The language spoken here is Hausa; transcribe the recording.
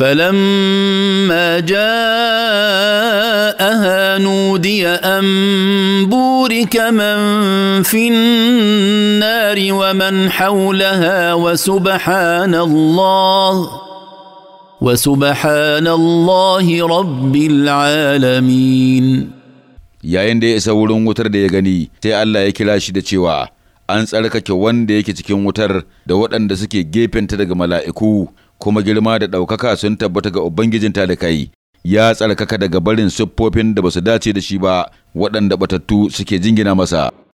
فلما جاءها نودي ان بورك من في النار ومن حولها وسبحان الله وسبحان الله رب العالمين يا اندي اسا ورون وتر دي غني تي الله يكلاشي Allah an tsarkake wanda yake cikin wutar da waɗanda suke gefenta daga mala'iku kuma girma da ɗaukaka sun tabbata ga Ubangijin talikai ya tsarkaka daga barin siffofin da ba su dace da shi ba waɗanda batattu suke jingina masa.